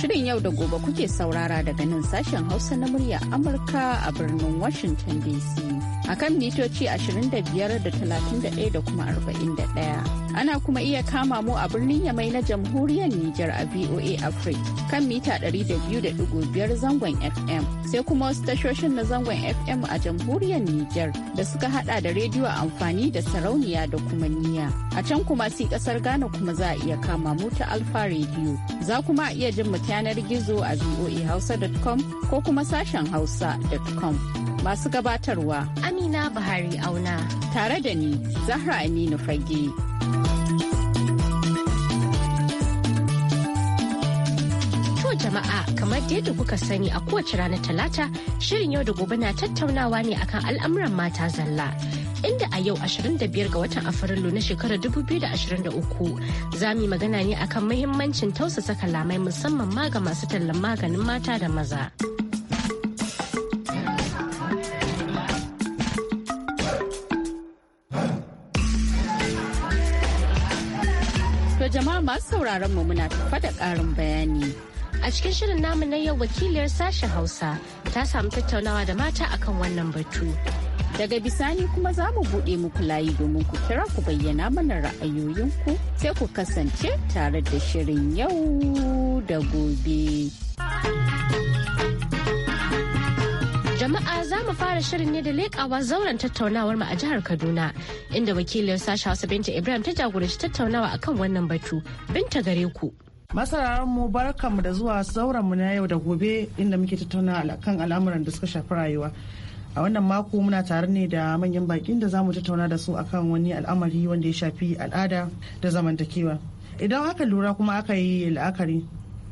Shirin yau da gobe kuke saurara daga nan sashen Hausa na murya Amurka a birnin Washington DC. a kan mitoci 25 da 31 da kuma 41. Ana kuma iya kama mu a birnin Yamai na jamhuriyar Nijar a VOA Africa kan mita 200.5 zangon FM. Sai kuma wasu tashoshin na zangon FM a jamhuriyar Nijar da suka hada da rediyo amfani da sarauniya da kuma niya. A can kuma si kasar Ghana kuma za a iya kama mu ta Alfa rediyo Za kuma iya jin mu yanar gizo a voahausa.com ko kuma sashen hausa.com. masu gabatarwa Amina Buhari Auna tare da ni Zahra Aminu Fage. jama'a kamar yadda kuka sani a kowace rana talata shirin yau da gobe na tattaunawa ne akan al'amuran mata zalla inda a yau 25 ga watan afrilu na shekarar 2023 za mu yi magana ne akan mahimmancin tausasa kalamai musamman ma ga masu tallan maganin mata da maza. masu sauraron mu muna tafa da ƙarin bayani. A cikin shirin namu na yau wakiliyar sashen Hausa ta samu tattaunawa da mata akan wannan batu. Daga bisani kuma za mu buɗe muku layi domin ku kira ku bayyana mana ra'ayoyinku sai ku kasance tare da shirin yau da gobe. jama'a za mu fara shirin ne da leƙawa zauren tattaunawar mu a jihar Kaduna inda wakilin sasha Hausa Binta Ibrahim ta jagoranci tattaunawa akan wannan batu. Binta gare ku. mu barkanmu da zuwa mu na yau da gobe inda muke tattaunawa kan al'amuran da suka shafi rayuwa. A wannan mako muna tare ne da manyan bakin da zamu tattauna da su akan wani al'amari wanda ya shafi al'ada da zamantakewa. Idan aka lura kuma aka yi la'akari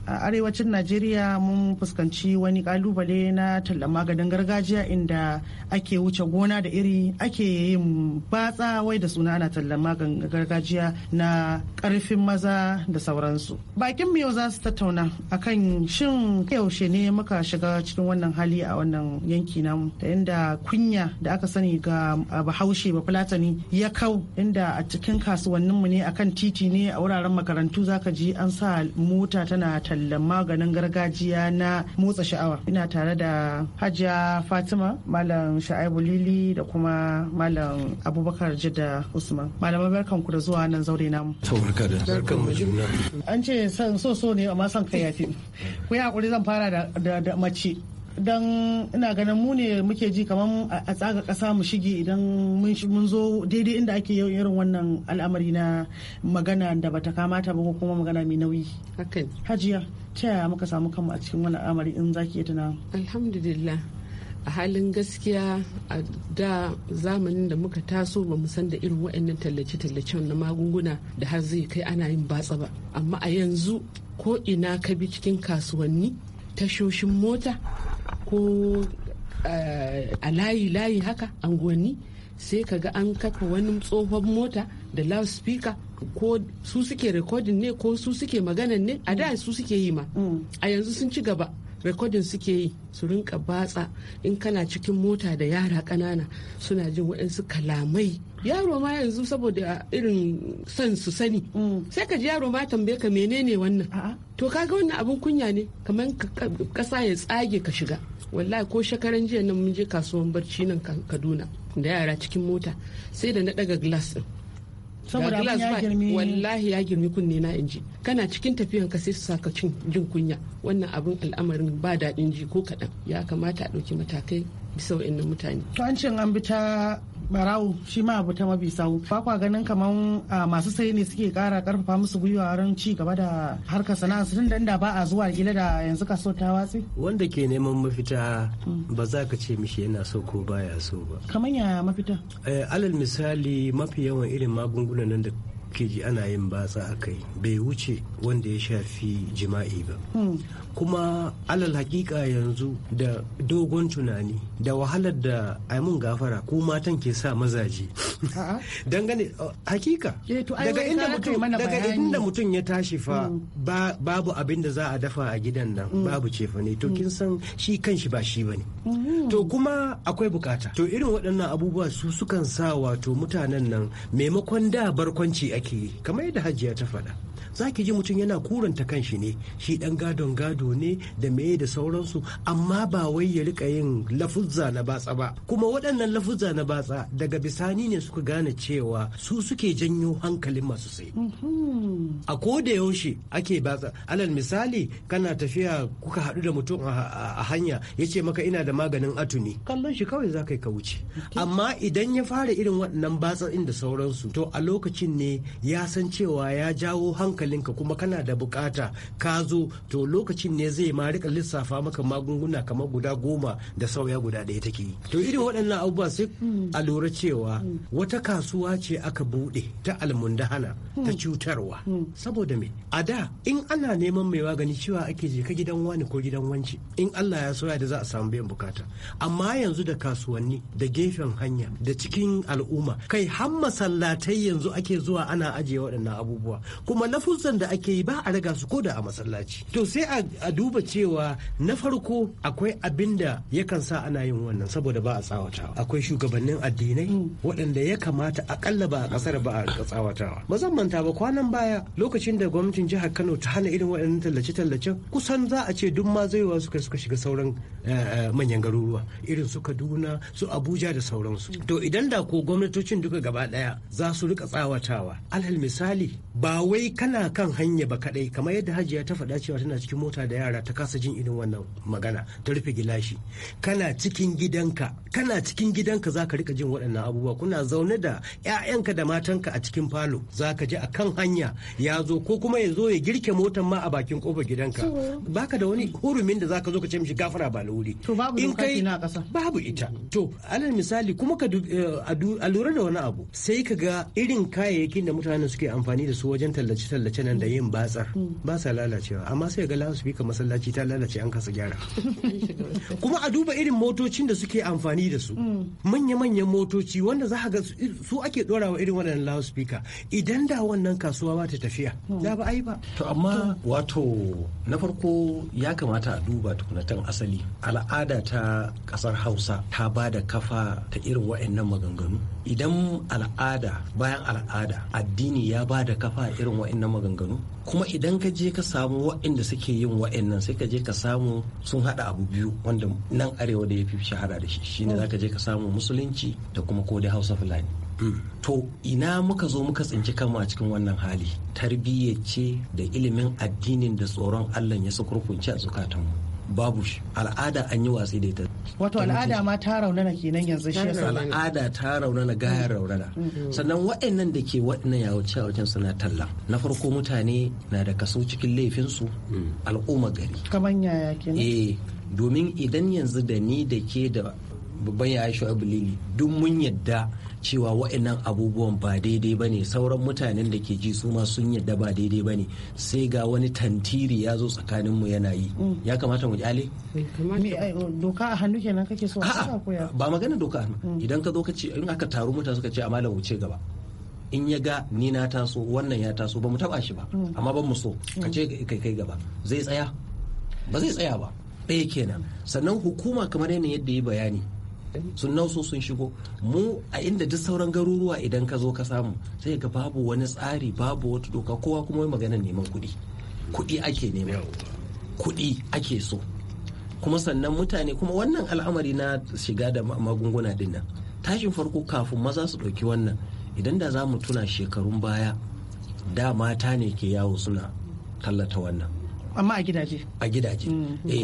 a arewacin najeriya mun fuskanci wani kalubale na talla maganin gargajiya inda ake wuce gona da iri ake yin batsa wai da suna ana talla maganin gargajiya na karfin maza da sauransu bakin yau za su tattauna akan shin yaushe ne muka shiga cikin wannan hali a wannan yanki namu ta inda kunya da aka sani ga bahaushe ba fulatani ya kau inda a cikin kasuwanninmu ne akan titi ne a wuraren makarantu zaka ji an sa mota tana tallan maganin gargajiya na motsa sha'awa ina tare da hajiya fatima malam sha'aibu lili da kuma malam abubakar jida usman malamai barkan ku da zuwa nan zaure namu an ce son so so ne amma son kai fi ku yi hakuri zan fara da mace don ina ganin mu ne muke ji kamar a tsaga ƙasa mu shige idan mun zo daidai inda ake yau irin wannan al'amari na magana da bata kamata ba ko kuma magana mai nauyi hajiya ta yaya muka samu kanmu a cikin wannan al'amari in zaki iya tuna alhamdulillah a halin gaskiya a da zamanin da muka taso ba san da irin waɗannan tallace tallace na magunguna da har zai kai ana yin batsa ba amma a yanzu ko ina ka bi cikin kasuwanni tashoshin mota ko eh, a layi-layi haka anguwanni sai ka ga an kafa wani tsohon mota da loudspeaker ko su suke rikodin ne ko su suke maganan ne a da su suke yi ma mm. a yanzu sun ci gaba rikodin suke yi su rinka batsa in kana cikin mota da yara kanana suna jin waɗansu kalamai yaro ma yanzu saboda irin son su sani mm. sai ka ji yaro ma tambaye ka menene wannan to kaga wannan abin kunya ne kamar ƙasa ya tsage ka shiga wallahi ko shekaran jiya nan mun je kasuwan barci nan kaduna da yara cikin mota sai da na daga glass din saboda ya girmi wallahi ya girmi kunne na inji kana cikin tafiyan ka sai su saka cin jin kunya wannan abin al'amarin ba daɗin ji ko kaɗan ya kamata a ɗauki matakai bisa wa'in mutane to an ce an bi ta barawo shi ma abu ta mabi sau ba kwa ganin kaman masu saye ne suke kara karfafa musu gwiwa ran ci gaba da harkar sana'a su tunda da ba a zuwa gida da yanzu ka so ta watsi wanda ke neman mafita hmm. ba za ka ce mishi yana so ko baya so ba kaman ya mafita eh, alal misali mafi yawan irin magungunan nan da keji ana yin batsa a kai bai wuce wanda ya shafi jima'i ba hmm. kuma alal hakika yanzu da dogon tunani da wahalar da aimun gafara ko matan ke sa mazaje dangane uh, hakika eh, daga inda mutum ya tashi fa mm. babu abin da za a dafa a gidan nan mm. babu ne to mm. kin san shi kan shi ba shi bane to kuma akwai bukata to irin waɗannan abubuwa su sukan sa wato mutanen nan maimakon da barkwanci ake yi kamar yadda hajiya ta faɗa za ki ji mutum yana kuranta kan shi ne shi dan gadon gado ne da meye da sauransu amma ba wai ya rika yin lafuzza na batsa ba kuma waɗannan lafuzza na batsa daga bisani ne suka gane cewa su suke janyo hankalin masu sai mhm. a ko da yaushe ake batsa alal misali kana tafiya kuka haɗu da mutum a hanya ya ce maka ina da maganin atuni kallon shi kawai za ka wuce amma idan ya fara irin waɗannan batsa inda sauransu to a lokacin ne ya san cewa ya jawo hankali hankalinka kuma kana da bukata ka zo to lokacin ne zai ma rika lissafa maka magunguna kamar guda goma da sauya guda ɗaya take yi. to irin waɗannan abubuwa sai a lura cewa wata kasuwa ce aka buɗe ta almundahana ta cutarwa saboda me a da in ana neman mai magani cewa ake je ka gidan wani ko gidan wanci in Allah ya soya da za a samu biyan bukata amma yanzu da kasuwanni da gefen hanya da cikin al'umma kai har masallatai yanzu ake zuwa ana ajiye waɗannan abubuwa kuma na lafuzan da ake yi ba a raga su ko da a masallaci to sai a duba cewa na farko akwai abin da yakan sa ana yin wannan saboda ba a tsawatawa akwai shugabannin addinai waɗanda ya kamata akalla ba a kasar ba a tsawatawa ba zan manta ba kwanan baya lokacin da gwamnatin jihar Kano ta hana irin waɗannan tallace-tallacen kusan za a ce duk ma zaiwa suka suka shiga sauran eh, eh, manyan garuruwa irin su Kaduna su Abuja da sauransu to idan da ko gwamnatocin duka gaba ɗaya za su rika tsawatawa alhal misali ba wai kana tana kan hanya ba kadai kamar yadda hajiya ta faɗa cewa tana cikin mota da yara ta kasa jin irin wannan magana ta rufe gilashi kana cikin gidanka kana cikin gidanka zaka rika jin waɗannan abubuwa kuna zaune da ƴaƴanka da matanka a cikin falo zaka a kan hanya ya zo ko kuma ya zo ya girke motan ma a bakin kofar gidanka baka da wani hurumin da zaka zo ka ce mishi gafara ba wuri in kai babu ita to alal misali kuma ka eh, a lura da wani abu sai ka ga irin kayayyakin da mutane suke amfani da su wajen tallace tallace lalace nan da yin batsar ba sa lalacewa amma sai ga loudspeaker masallaci ta lalace an kasa gyara kuma a duba irin motocin da suke amfani da su mm. manya-manyan motoci wanda za ga su ake dorawa irin wannan loudspeaker idan da wannan kasuwa ba ta tafiya mm. da ba ai ba to amma wato na farko ya kamata a duba tukunatan asali al'ada ta kasar Hausa ta ba da kafa ta irin wa'annan maganganu idan al'ada bayan al'ada addini ya ba da kafa irin wa'annan maganganu kuma idan ka je ka samu wa'inda suke yin wa'innan sai ka je ka samu sun hada abu biyu wanda nan arewa da ya fi shahara da shi shine zaka je ka samu musulunci da kuma ko da hausa fulani mm. to ina muka zo muka tsinci kama a cikin wannan hali tarbiyyace da ilimin addinin da tsoron allah ya sukurkunce a zukatanmu babu shi al'ada an yi wasi da ita wato al'ada ma ta raunana kenan yanzu shi yasa al'ada ta raunana gaya raunana mm-hmm. sannan waɗannan da ke waɗannan a wajen suna talla na farko mutane na da kaso cikin laifinsu mm. al'umma gari kaman yaya kenan eh domin idan yanzu da ni da ke da babban ya aisha abulili duk mun yadda cewa wa'annan abubuwan ba daidai ba ne sauran mutanen da ke ji su ma sun yadda ba daidai ba ne sai ga wani tantiri ya zo tsakaninmu yana yi mm. ya kamata mu kyale eh, doka a hannu kenan kake so a ba magana doka mm. idan ka zo ka ce in aka taru mutane suka ce a malam wuce gaba in ya ga ni na taso wannan ya taso ba mu taba shi ba mm. amma ban mu so ka ce kai kai gaba zai tsaya ba zai tsaya ba ɗaya kenan sannan hukuma kamar yadda ya bayani gani sun so sun shigo mu a inda duk sauran garuruwa idan ka zo ka samu sai ga babu wani tsari babu wata doka kowa kuma yi maganar neman kuɗi kuɗi ake nema kuɗi ake so kuma sannan mutane kuma wannan al'amari na shiga da magunguna din nan tashin farko kafin maza su ɗauki wannan idan da za mu tuna shekarun baya da mata ne ke yawo suna tallata wannan amma a gidaje a gidaje mm. eh,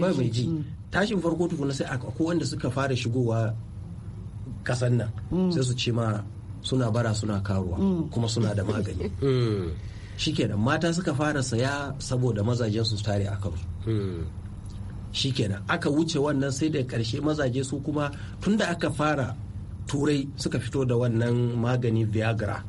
ba mai ji mm. tashin farko tukuna sai ko wanda suka fara shigowa kasan nan mm. sai su ce ma suna bara suna karuwa mm. kuma suna da magani mm. shikenan mata suka fara saya saboda mazajen su tare a kansu shikenan aka wuce wannan sai da karshe mazaje su kuma tun da aka fara turai suka fito da wannan magani viagra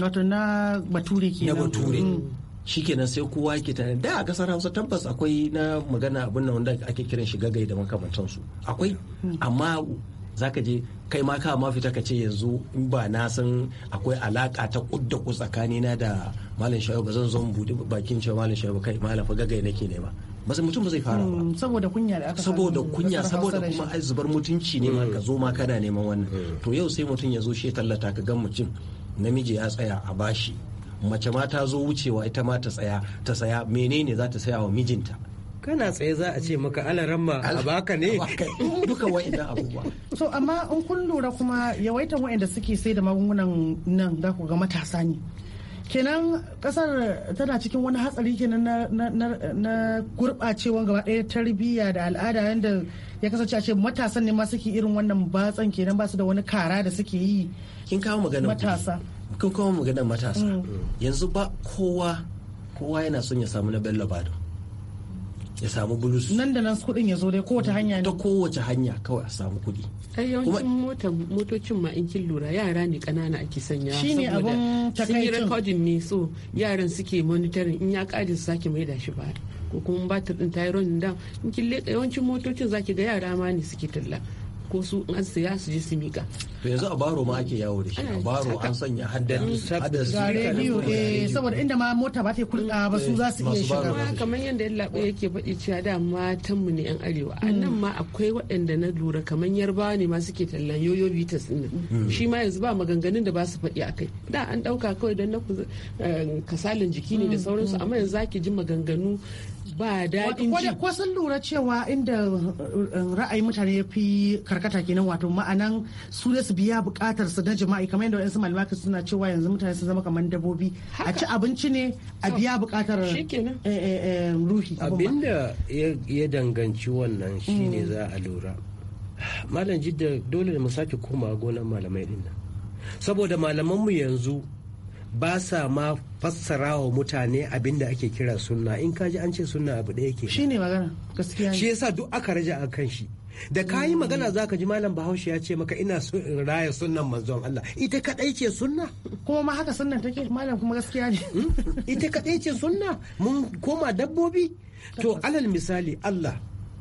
wato na bature ke na bature shikenan sai kowa yake tare da a kasar hausa tabbas akwai na magana abin nan wanda ake kiran shi gagai da makamantansu akwai amma zaka je kai ma ka ma fita ka ce yanzu in ba na san akwai alaka ta kudda ku tsakanina da malam shayo ba zan zo mu bude bakin cewa malam shayo kai malam fa gagai nake ne ba ba mutum ba zai fara ba hmm, saboda kunya da aka saboda kunya saboda kuma ai zubar mutunci ne ma ka zo ma kana neman wannan hmm. to yau sai mutum ya zo shi tallata ka gan mutum namiji ya tsaya a bashi mace ma ta zo wucewa ita ma ta tsaya ta saya menene za ta saya wa mijinta kana tsaye za a ce maka ramma a baka ne duka wa'annan abubuwa so amma in kun lura kuma yawaitan wa'anda suke sai da magungunan nan za ku ga matasa ne kenan kasar tana cikin wani hatsari kenan na gurɓacewan gaba ɗaya tarbiyya da al'ada yadda ya kasance a ce matasan ne ma suke irin wannan batsan kenan ba su da wani kara da suke yi kin kawo maganar matasa kun kuma magana matasa mm. yanzu ba kowa kowa yana son ya samu na bello bado ya samu bulus nan da nan kudin ya zo dai kowace hanya ne ta kowace hanya kawai a samu kudi yawancin motocin ma in kin lura yara ne kanana ake sanya shine abun takaitun sun yi recording ne so yaran suke monitoring in ya kaji su sake mai da shi ba ko kuma batir din tayi din da in kin leka yawancin motocin zaki ga yara ma ne suke talla ko su an saya su je su mika to yanzu a ma ake yawo da shi a an sanya hadda hadda eh saboda inda ma mota ba ta kulka ba su za su iya shiga kamar yadda yallaɓe yake faɗi cewa da matan mu ne yan arewa a nan ma akwai waɗanda na lura kamar yarbawa ne ma suke tallan yoyo bitas din mm. shi ma yanzu ba maganganun da ba su faɗi kai da an ɗauka kawai don na eh, kasalin jiki ne da mm. sauransu amma yanzu zaki ji maganganu ba daɗin ji ko sun lura cewa inda eh, eh, ra'ayin mutane ya fi karkata kenan wato ma'anan su da su biya bukatar su na jima'i kamar yadda wayansu malamai suna cewa yanzu mutane su zama kamar dabbobi a ci abinci ne a biya bukatar eh, ruhi abinda ya danganci wannan shine mm. za a lura malam jidda dole mu sake komawa gonan malamai din nan saboda malamanmu yanzu ba sa ma fassara wa mutane abin da ake kira sunna in ka ji an ce sunna abu ɗaya ke shi ne magana gaskiya shi yasa duk aka raja a kan shi da ka yi magana za ka ji malam bahaushe ya ce maka ina so in raya sunnan manzon Allah ita kadai ce sunna kuma ma haka sunnan take malam kuma gaskiya ne hmm? ita kadai ce sunna mun koma dabbobi to alal misali Allah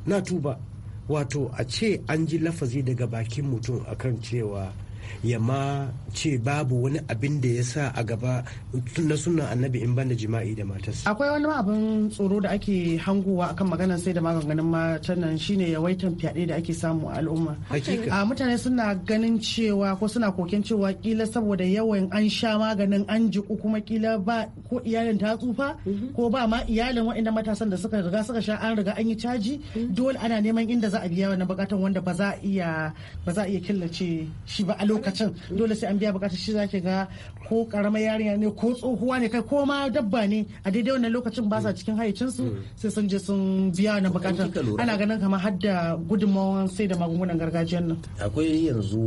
na tuba wato a ce an ji lafazi daga bakin mutum akan cewa ya ma ce babu wani abin da ya sa a gaba na sunan annabi in banda jima'i da matarsa akwai wani abin tsoro da ake hangowa akan maganar sai da maganganun matan nan shine yawaitan fyaɗe da ake samu a al'umma a mutane suna ganin cewa ko suna koken cewa kila saboda yawan an sha maganin an jiku kuma kila ba ko iyalin ta tsufa ko ba ma iyalin waɗanda matasan da suka riga suka sha an riga an yi caji dole ana neman inda za a biya wannan bukatan wanda ba za a iya killace shi ba a lokacin dole sai an biya biya bukatar shi zaki ga ko karamar yarinya ne ko tsohuwa ne kai ko ma dabba ne a daidai wannan lokacin ba sa mm. cikin hayacinsu mm. sai sun je sun biya na bukatar ana ganin kamar har da gudunmawar sai da magungunan gargajiyan nan akwai yanzu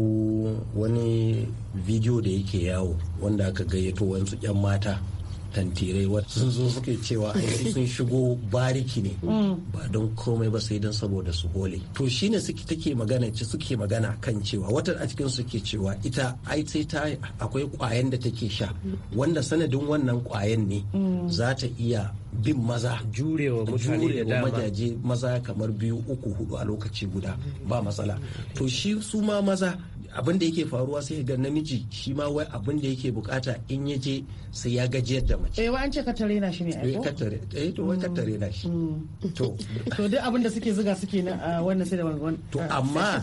wani bidiyo da yake yawo wanda aka gayyato wasu 'yan mata tantirai sun zo suke cewa ai sun shigo bariki ne mm. ba don komai ba sai don saboda su hole to shine suke take magana ci suke magana kan cewa wata a cikin su cewa ita ai sai ta akwai kwayan da take sha wanda sanadin wannan kwayan ne mm. za ta iya bin maza jurewa mutane da majaje maza kamar biyu uku hudu a lokaci guda ba matsala to shi su ma maza abin da yake faruwa sai ga namiji shi ma wai abin da yake bukata in ya je sai ya gajiyar da mai mace eh wa an ce kattare na shi ne ai ko eh, eh to wai kattare na shi mm. to to duk abin da suke zuga suke na wannan sai da wannan to ah. amma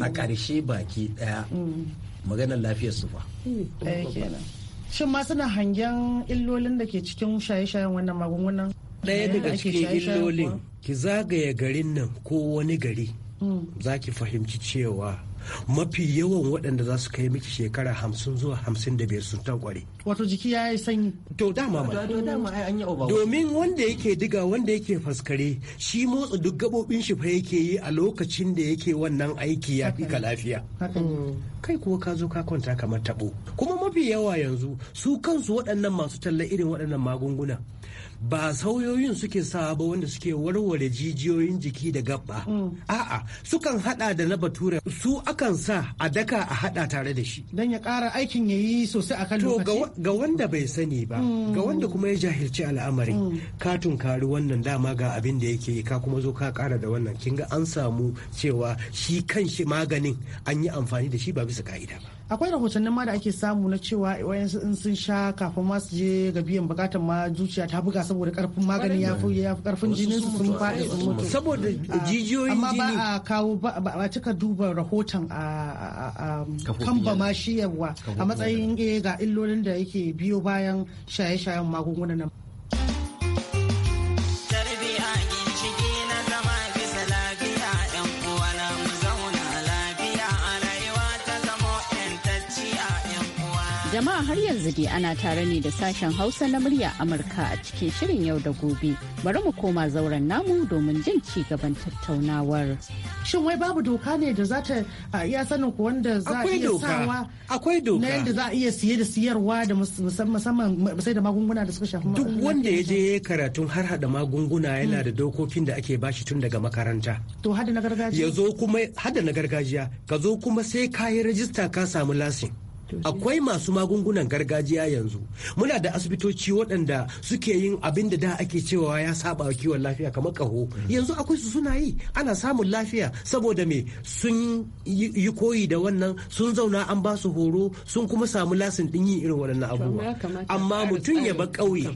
a ƙarshe baki daya mm. maganar lafiyar su fa eh. eh kenan shin ma suna hangen illolin da ke cikin shaye-shayen wannan magungunan ɗaya eh, daga cikin illolin ki zagaya garin nan ko wani gari mm. za ki fahimci cewa mafi yawan waɗanda za su kai miki shekara hamsin zuwa hamsin da biyar sun tankware. Wato jiki ya yi sanyi. To dama ma. Domin wanda yake diga wanda yake faskare shi motsa duk gaɓoɓin shi fa yake yi a lokacin da yake wannan aiki ya fi ka lafiya. Mm. Kai kuwa ka zo ka kwanta kamar taɓo. Kuma mafi yawa yanzu su kansu waɗannan masu talla irin waɗannan magunguna ba sauyoyin suke sa ba wanda suke warware jijiyoyin jiki da gabba mm. a'a sukan hada da na bature su akan sa a daka a hada tare da shi dan ya kara aikin ya yi sosai akan lokaci to ga wanda bai sani ba mm. ga wanda kuma ya jahilci al'amari. Mm. ka tunkari wannan dama ga abin da yake ka kuma zo ka kara da wannan ga an samu cewa shi kan shi maganin an yi amfani da shi ba bisa ka'ida ba akwai rahotannin ma da ake samu na cewa wayansu in sun sha kafin ma su je ga biyan bukatan ma zuciya ta buga saboda karfin magani ya fi karfin jinin su sun faɗi sun mutu saboda ah, jijiyoyin jini amma ba a kawo ba a cika duba rahoton a um, kan ba ma shi yawa a matsayin eh, ga illolin da yake biyo bayan shaye-shayen magungunan nan har yanzu dai ana tare ne da sashen Hausa na murya Amurka a cikin shirin yau da gobe. Bari mu koma zauren namu domin jin ci gaban tattaunawar. Shin wai babu doka ne da za ta iya sanin ko wanda za a iya sawa? Akwai doka. Na yadda za a iya siye da siyarwa da musamman sai da magunguna da suka shafi Duk wanda ya je karatun har hada magunguna yana da dokokin da ake bashi tun daga makaranta. To hada na gargajiya. Ya zo kuma hada na gargajiya ka zo kuma sai ka yi rajista ka samu lasin. akwai masu magungunan gargajiya yanzu muna da asibitoci waɗanda suke yin abin da da ake cewa ya saba kiwon lafiya kamar kaho mm. yanzu akwai su suna yi ana samun lafiya saboda me sun yi koyi da wannan sun zauna an ba su horo sun kuma samu lasin ɗin yin irin waɗannan abubuwa amma mutum ya ba ƙauye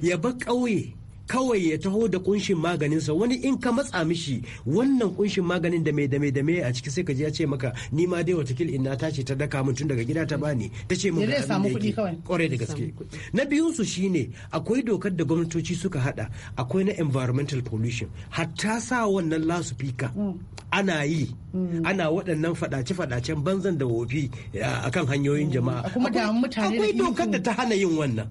ya ba ƙauye kawai ya taho da kunshin maganinsa wani in ka matsa mishi wannan kunshin maganin da mai da mai a ciki sai ka ji ya ce maka ni ma dai watakil ina ta ce ta daka min tun daga gida ta bani ta ce min abin da kwarai da gaske na biyun su shine akwai dokar da gwamnatoci suka hada akwai na environmental pollution hatta sa wannan fika mm. ana yi mm. ana waɗannan fadace-fadacen banzan da wofi akan hanyoyin mm. jama'a akwai dokar da ta hana yin wannan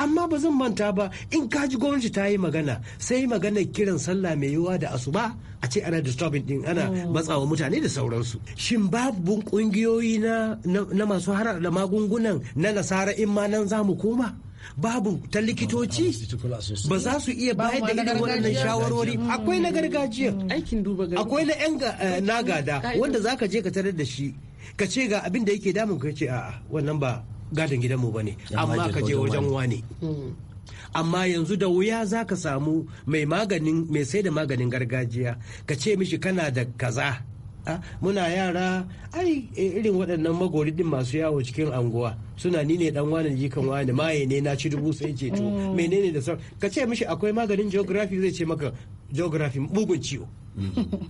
amma ba zan manta ba in ka ji gwamnati ta yi magana sai magana kiran sallah mai yiwuwa da asuba a ce ana disturbing din ana oh. matsawa mutane da sauransu shin babu kungiyoyi na masu harar da magungunan na nasara in ma nan zamu koma babu ta likitoci ba za su iya bayar da irin waɗannan shawarwari mm. akwai na gargajiya akwai na yan eh, nagada wanda zaka je ka tarar da shi ka ce ga abin da yake damun ka ce a'a wannan ba gadon gidanmu ba ne amma ka je wajen wane amma yanzu da wuya za ka samu mai maganin mai sai da maganin gargajiya ka ce mishi kana da kaza ah, muna yara ai irin waɗannan magori din masu yawo cikin anguwa suna ni ne dan wani jikan wani maye ne na ci dubu sai ceto mm. menene da sauran ka ce mishi akwai maganin geography zai ce maka geography bugun ciwo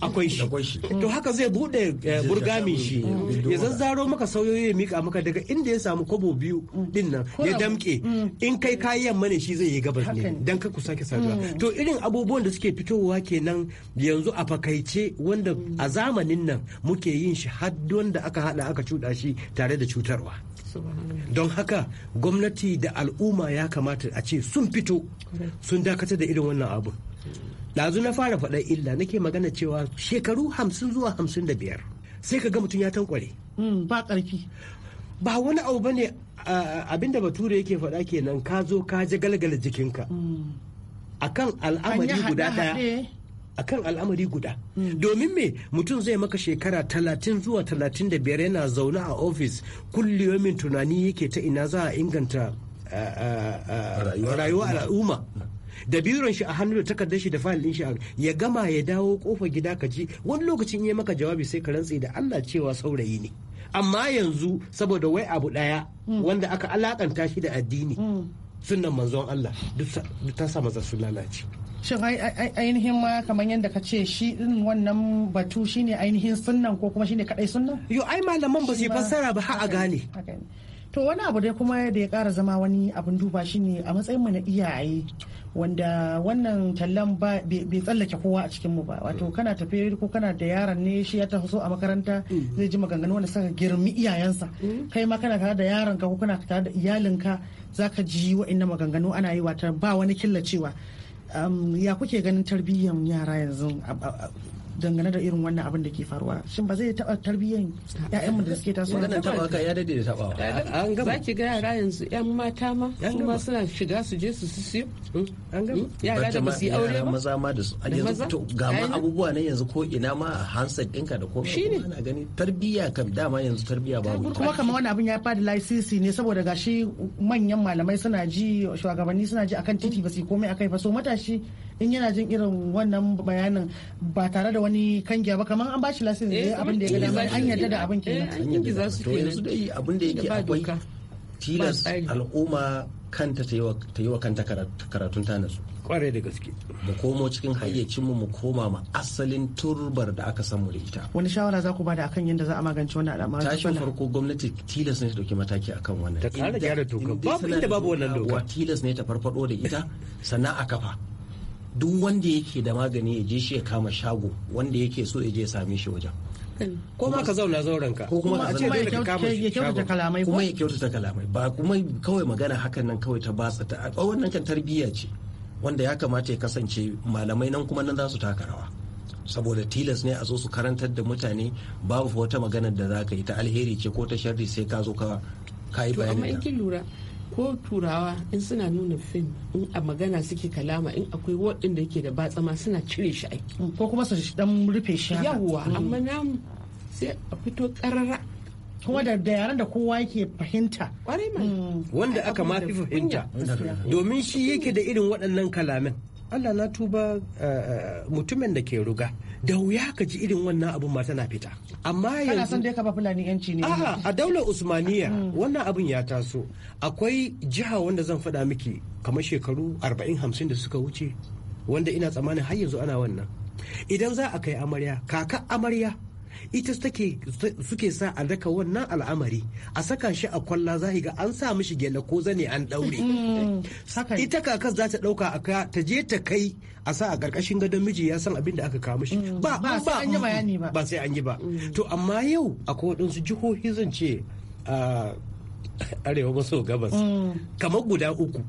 akwai shi to haka zai bude eh, burgami shi ya zazzaro maka sauyoyi ya mika maka daga inda ya samu kobo biyu din nan ya damke mm. in kai kayan mane shi zai yi gabas ne dan ka ku sake saduwa mm. to irin abubuwan da suke fitowa kenan yanzu a fakaice wanda a zamanin nan muke yin shi har wanda aka hada aka cuda shi tare da cutarwa don haka gwamnati da al'umma ya kamata a ce sun fito sun dakatar da irin wannan abu. ɗazu na fara faɗar illa nake magana cewa shekaru hamsin zuwa hamsin da biyar sai ka ga mutum ya tankware mm, ba ƙarfi ba wani abu bane abinda bature yake faɗa kenan ka zo ka ji galgala jikinka mm. akan al'amari guda daya akan al'amari guda domin me mutum zai maka shekara talatin zuwa talatin da biyar yana zaune a ofis kulliyomin tunani yake ta ina za a inganta rayuwa al'umma mm. da biron shi a hannu da takardar shi da fayil din shi ya gama ya dawo kofar gida ka ji wani lokacin ya maka jawabi sai ka rantse da Allah cewa saurayi ne amma yanzu saboda wai abu daya mm. wanda aka alakanta shi da addini mm. sunan manzon Allah duk ta sa maza su lalace shin ainihin ma kamar yadda ka ce shi din wannan batu shine ainihin sunnan ko kuma shine kadai sunnan yo ai malaman ba su fassara ba har a gane to wani abu dai kuma da ya kara zama wani abin duba shine a matsayin mu na iyaye wanda wannan tallan ba bai tsallake kowa a cikin mu ba wato mm. kana tafe ko kana da yaron ne shi ya taso a makaranta mm. zai ji maganganu wanda saka girmi iyayensa mm. kai ma kana tare da yaron ka ko kana tare da iyalinka zaka ji wa'annan maganganu ana yi wata ba wani killacewa ya kuke ganin tarbiyyar yara yanzu dangane da irin wannan abin da ke faruwa shin ba zai taɓa tarbiyyar ƴaƴanmu da suke taso da taɓa ka ya dade da taɓawa an gama zaki ga yara yanzu ƴan mata ma su ma suna shiga su je su siyo an gama hmm? yara da ba su yi aure ba maza ma da su yanzu ga ma abubuwa ne yanzu ko ina ma a hansa ɗinka da komai shine ana gani tarbiyya kam dama yanzu tarbiyya babu kuma kamar wani abin ya fada laisisi ne saboda gashi manyan malamai suna ji shugabanni suna ji akan titi ba su komai akai ba so matashi in yana jin irin wannan bayanin ba tare da wani kangiya ba kamar an ba shi lasin da eh, abin da ya gada an yarda da abin eh, nan. to yanzu dai abin da yake akwai tilas al'umma kanta ta yi wa kanta karatun ta nasu kware da gaske mu komo cikin hayyacin mu koma ma asalin turbar da aka samu da ita wani shawara za ku bada akan yadda za a magance wannan al'amari tashin farko gwamnati tilas ne ta dauki mataki akan wannan ta kara gyara doka babu inda babu wannan doka tilas ne ta farfado da ita sannan a kafa duk wanda yake da magani ya je shi ya kama shago wanda yake so ya je ya same shi wajen ko ma ka zauna zauren ka ko kuma a ce ka ya kyautata kalamai kuma ya kyautata kalamai ba kuma kawai magana hakan nan kawai ta batsa ta a wannan kan tarbiyya ce wanda ya kamata ya kasance malamai nan kuma nan za su taka rawa saboda tilas ne a zo su karantar da mutane babu wata magana da za ka yi ta alheri ce ko ta sharri sai ka zo ka yi bayani to amma in kin lura ko turawa in suna nuna fim in a magana suke kalama in akwai waɗanda yake da batsama suna cire shi aiki mm, ko kuma su dan rufe shi yawwa mm. amma namu sai a fito karara kuma da yaran da kowa yake fahimta mm. wanda aka mafi fahimta domin shi yake da irin waɗannan kalamin Allah na tuba eh, eh, mutumin da ke ruga da wuya ka ji irin wannan abun ma tana fita amma yanzu kana son dai ka ba fulani yanci ne a daular usmaniya hmm. wannan abin ya taso akwai jiha wanda zan faɗa miki kamar shekaru 40 50 da suka wuce wanda ina tsammanin har yanzu ana wannan idan za a kai amarya kaka amarya ita suke sa a daka wannan al'amari a saka shi a kwalla za ga an sa mishi gela ko zane an daure mm, ita kakas za ta dauka ka ta je ta kai a sa a karkashin gadon miji ya san abin da aka kawo mishi mm, ba ba sai an yi bayani ba ba sai an yi ba mm. to amma yau akwai waɗansu jihohi zan ce ah, arewa maso gabas kamar guda uku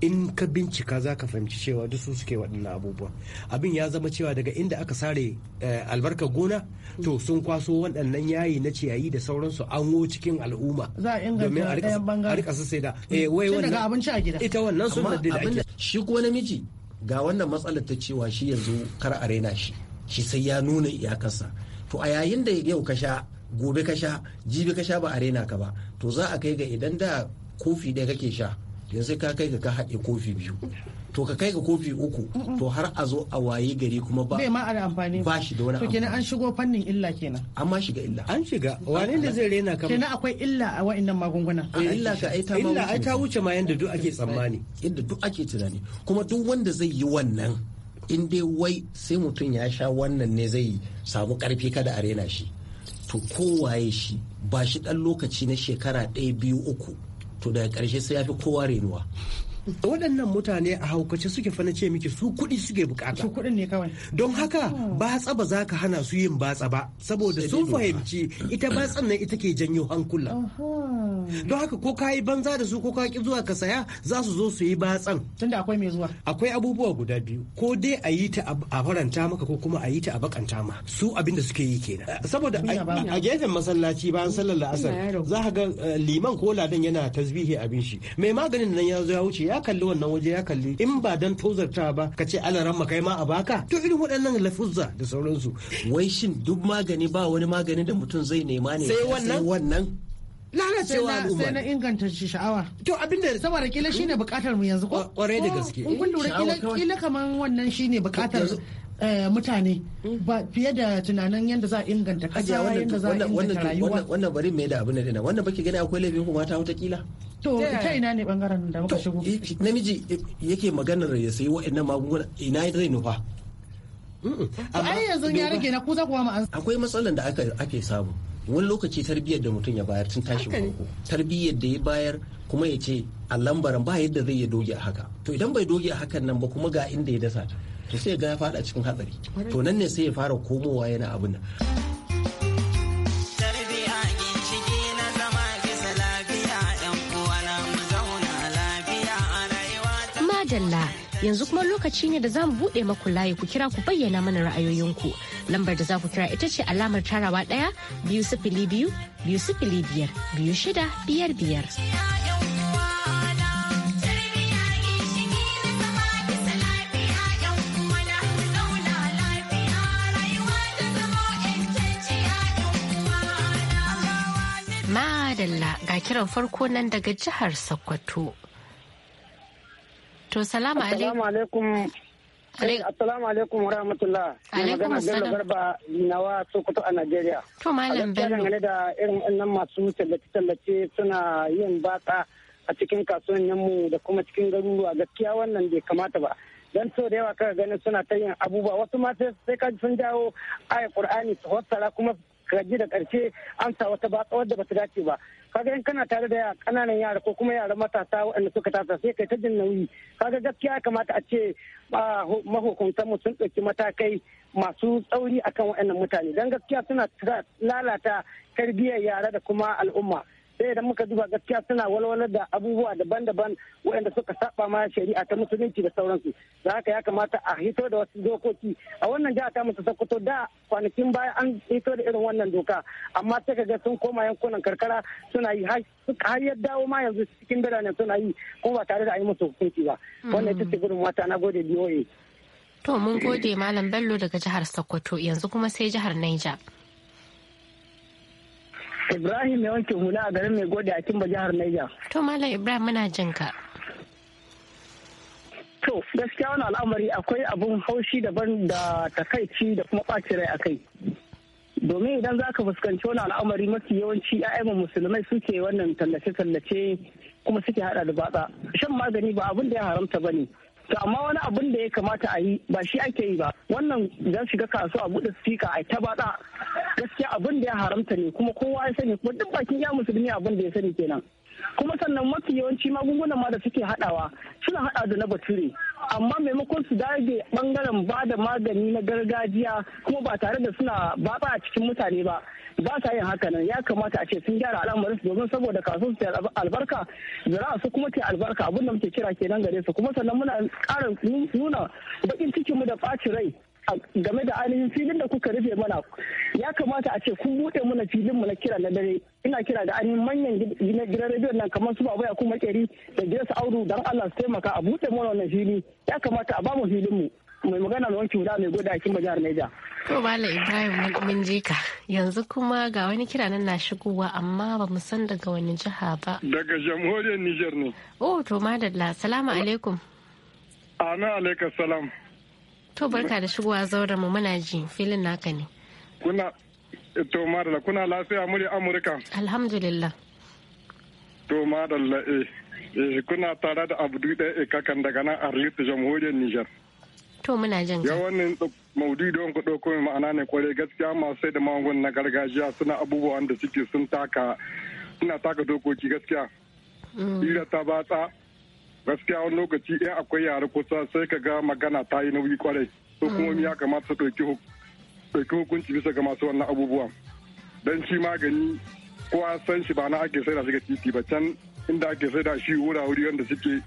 in ka bincika za ka fahimci cewa duk su suke waɗannan abubuwa abin ya zama cewa daga inda aka sare eh, albarka gona to sun kwaso waɗannan yayi na ciyayi da sauransu an wo cikin al'umma za a inganta ɗayan bangare a rika sai da eh, wai wannan abinci a gida ita wannan sun da ake shi ko namiji ga wannan matsalar ta cewa shi yanzu kar a raina shi shi sai ya nuna iyakarsa to a yayin da yau ka sha gobe ka sha jibi ka sha ba a raina ka ba to za a kai ga idan da kofi ɗaya kake sha yanzu ka kai ka ka haɗe kofi biyu to ka kai ka kofi uku to har a zo a waye gari kuma ba bai ma ana amfani ba shi da wani to kenan an shigo fannin illa kenan amma shiga illa an shiga wani da zai rena kamar kenan akwai illa a wa'annan magunguna illa ka ai ta illa ai ta wuce ma yanda duk ake tsammani yanda duk ake tunani kuma duk wanda zai yi wannan in dai wai sai mutum ya sha wannan ne zai samu karfi kada a rena shi to kowaye shi ba shi dan lokaci na shekara ɗaya biyu uku to daga ƙarshe sai ya fi kowa renuwa waɗannan mutane a haukace suke fana ce miki su kuɗi suke bukata su kuɗin don haka oh. batsa ba za ka hana su yin batsa ba saboda sun fahimci ita batsan nan ita ke janyo hankula don haka ko ka yi banza da su ko ka ki zuwa ka saya za su zo su yi batsan tunda akwai mai zuwa akwai abubuwa guda biyu ko dai a yi ta a faranta maka ko kuma a yi ta a bakanta ma su abin da suke yi kenan saboda a gefen masallaci bayan sallar la'asar za ka ga eh, liman ko ladan yana tasbihi abin shi mai maganin nan ya zo ya wuce ya kalli wannan waje ya kalli in ba dan tozarta ba ka ce ran kai ma a baka to irin waɗannan lafuzza da sauransu wai shin duk magani ba wani magani da mutum zai nema ne sai wannan lalacewa al'umma sai na inganta shi sha'awa to abin da saboda kila shine bukatar mu yanzu ko kware da gaske in kun lura kila kila kaman wannan shine bukatar eh, mutane ba fiye da tunanin yadda za a inganta kasa yadda za a inganta rayuwa wannan bari mai da abin da wannan baki gani akwai laifin ku mata wata kila to ita ina ne bangaren da muka shigo namiji e, yake maganar ya sayi wa'annan magunguna ina zai nufa ai yanzu ya rage na za kuwa ma'an akwai matsalar da ake samu wani lokaci tarbiyyar da mutum ya bayar tun tashi farko tarbiyyar da ya bayar kuma ya ce a lambaran ba yadda zai ya doge a haka to idan bai doge a hakan nan ba kuma ga inda ya dasa to sai ga ya fada cikin hatsari to nan ne sai ya fara komowa yana abin nan madalla yanzu kuma lokaci ne da za mu buɗe maku layi ku kira ku bayyana mana ra'ayoyinku lambar da za ku kira ita ce alamar tarawa ɗaya biyu sifili biyu biyu sifili biyar biyu shida biyar biyar. Madalla ga kiran farko nan daga jihar Sokoto. To salamu alaikum. Assalamu alaikum eh, wa rahmatullah. Alaikum assalam. Garba Nawa Sokoto a Najeriya. To Malam Bello. Dangane da irin wannan masu tallace-tallace suna yin batsa a cikin kasuwanninmu da kuma cikin garuruwa gaskiya wannan bai kamata ba. dan so da yawa kaga ganin suna ta yin abubuwa wasu ma sai ka sun jawo aya qur'ani su hotsara kuma ji da karshe an sa wata ba da ba ta dace ba kaga in kana tare da kananan yara ko kuma yara matasa waɗanda suka tasa sai kai ta jin nauyi kaga gaskiya kamata a ce mahukuntan mu sun ɗauki matakai masu tsauri akan waɗannan mutane don gaskiya suna lalata tarbiyyar yara da kuma al'umma sai idan muka zuba gaskiya suna walwalar da abubuwa daban-daban waɗanda suka saba ma shari'a ta musulunci da sauransu da haka ya kamata a hito da wasu dokoki a wannan jiha ta musu sokoto da kwanakin baya an hito da irin wannan doka amma sai ga sun koma yankunan karkara suna yi har ya dawo ma yanzu cikin birane suna yi kuma ba tare da an yi musu hukunci ba mm. wannan ita ce gudun mata na gode BOA. To mun gode Malam Bello daga jihar Sokoto yanzu kuma sai jihar Niger. Ibrahim ya wanke hula a garin mai gode a Kimba jihar Niger. To Malam Ibrahim muna jin ka. To gaskiya wani al'amari akwai abun haushi daban da takaici da kuma ɓaci rai a kai. Domin idan za ka fuskanci wani al'amari mafi yawanci 'ya'yan musulmai suke wannan tallace-tallace kuma suke hada da batsa. Shan magani ba abun da ya haramta ba ne. to amma wani abin da ya kamata a yi ba shi ake yi ba wannan zan shiga kasuwa a buɗe sika a ta bada gaskiya abin da ya haramta ne kuma kowa ya sani kuma duk bakin ya musulmi abin da ya sani kenan kuma sannan mafi yawanci magungunan ma da suke hadawa suna hada da na bature amma maimakon su dage bangaren ba da magani na gargajiya kuma ba tare da suna ba a cikin mutane ba ba sa yin haka nan ya kamata a ce sun gyara al'amarin su domin saboda kasu su albarka zira su kuma ta albarka abin da muke kira kenan gare su kuma sannan muna ƙara nuna bakin cikinmu da ɓacin rai game da ainihin filin da kuka rufe mana ya kamata a ce kun buɗe mana filin mu na kira na dare ina kira da ainihin manyan gidan rediyon nan kamar su ya kuma keri da gidan su auru dan Allah su taimaka a buɗe mana wannan fili ya kamata a bamu mu filin mu mai magana da wanki guda mai goda cikin jihar Neja. To Bala Ibrahim mun ji ka yanzu kuma ga wani kira nan na shigowa amma ba mu san daga wani jiha ba. Daga jamhuriyar niger ne. Oh to madalla salamu alaikum. Ana alaikum salam. To barka da shigowa zauren mu muna ji filin naka ne. Kuna to madalla kuna lafiya muri Amurka. Alhamdulillah. To madalla eh, eh kuna tare da dude ɗaya eh, kakan daga nan Arlit jamhuriyar niger To muna jin ya wannan maudu don ku ɗauko mai ma'ana ne kware gaskiya masu sai da magungunan na gargajiya suna abubuwan da suke sun taka suna taka dokoki gaskiya. Mm. Hira ta batsa gaskiya wani lokaci in akwai yare kusa sai ka ga magana ta yi nauyi kwarai mm. kuma ya kamata su ɗauki hukunci bisa ga masu wannan abubuwa don shi magani kowa san shi ba na ake sai shi ga titi ba can inda ake sai da shi wura wuri wanda suke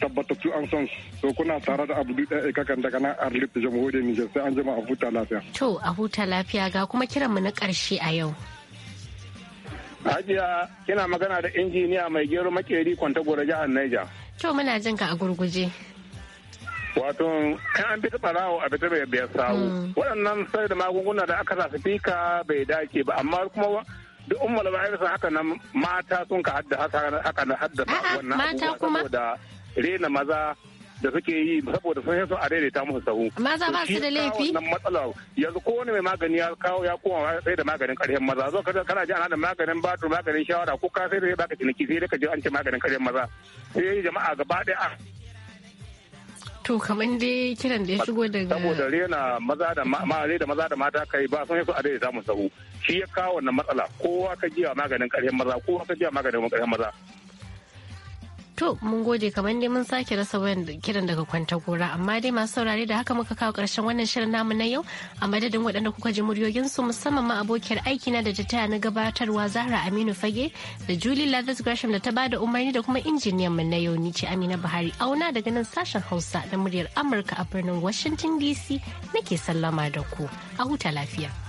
tabbatattu an son? su to kuna tare da abu ɗaya kakan daga nan arlit jamhuriyar nijar sai an jima a huta lafiya to a huta lafiya ga kuma kiran mu na ƙarshe a yau Hajiya kina magana da injiniya mai gero makeri kwantagora jihar Niger. To muna jin ka a gurguje. Wato an fita barawo a fita bai biyar sawu. Hmm. Waɗannan sai da magunguna da aka sa fika bai dace ba amma kuma duk umar virus haka nan mata sun ka haddasa haka hadda haddasa wannan abubuwa saboda rena maza da suke yi saboda sun yasa a daidaita musu sahu. Maza ba su da laifi? Wannan matsala yanzu kowane mai magani ya kawo ya koma sai da maganin ƙarshen maza zo kana ji ana da maganin batu maganin shawara ko ka sai da ya baka ciniki sai da ka je an ce maganin ƙarshen maza. Sai jama'a gaba ɗaya a To kamar dai kiran da ya shigo daga saboda rena maza da ma'are da maza da mata kai ba sun yaso a daidaita musu sahu shi ya kawo wannan matsala kowa ka jiya maganin ƙarshen maza kowa ka jiya maganin ƙarshen maza To mun gode kamar dai mun sake rasa kiran daga kwanta gora amma dai masu saurare da haka muka kawo karshen wannan shirin namu na yau a madadin waɗanda kuka ji muryoyin su musamman ma abokiyar aiki na da taya na gabatarwa Zahra Aminu Fage da Julie Lavis Gresham da ta bada umarni da kuma injiniyan mu na yau ni ce Amina Buhari auna daga nan sashen Hausa na muryar Amurka a birnin Washington DC nake sallama da ku a huta lafiya.